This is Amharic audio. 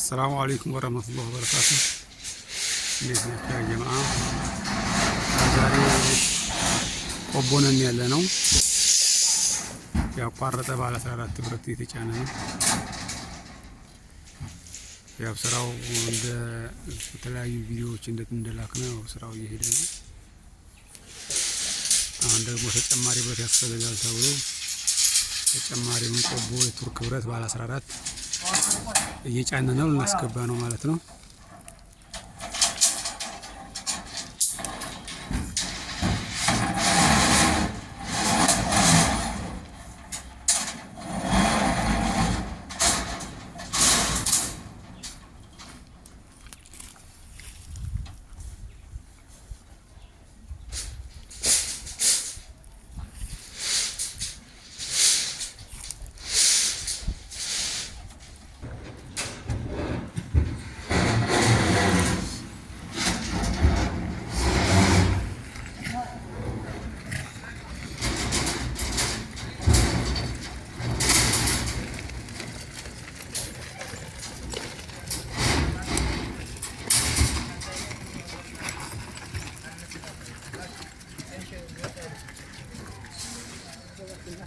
አሰላሙ አለይኩም ወረህመቱላሂ ወበረካቱ። እንዴት ናችሁ ጀማ? ዛሬ ቆቦ ነን ያለ ነው። ያቋረጠ ባለ 14 ብረት የተጫነ ነው። ያው ስራው እንደ የተለያዩ ቪዲዮዎች እንደት እንደላክ ነው ስራው እየሄደ ነው። አሁን ደግሞ ተጨማሪ ብረት ያስፈልጋል ተብሎ ተጨማሪውን ቆቦ የቱርክ ብረት ባለ 14 እየጫነ ነው ልናስገባ ነው ማለት ነው።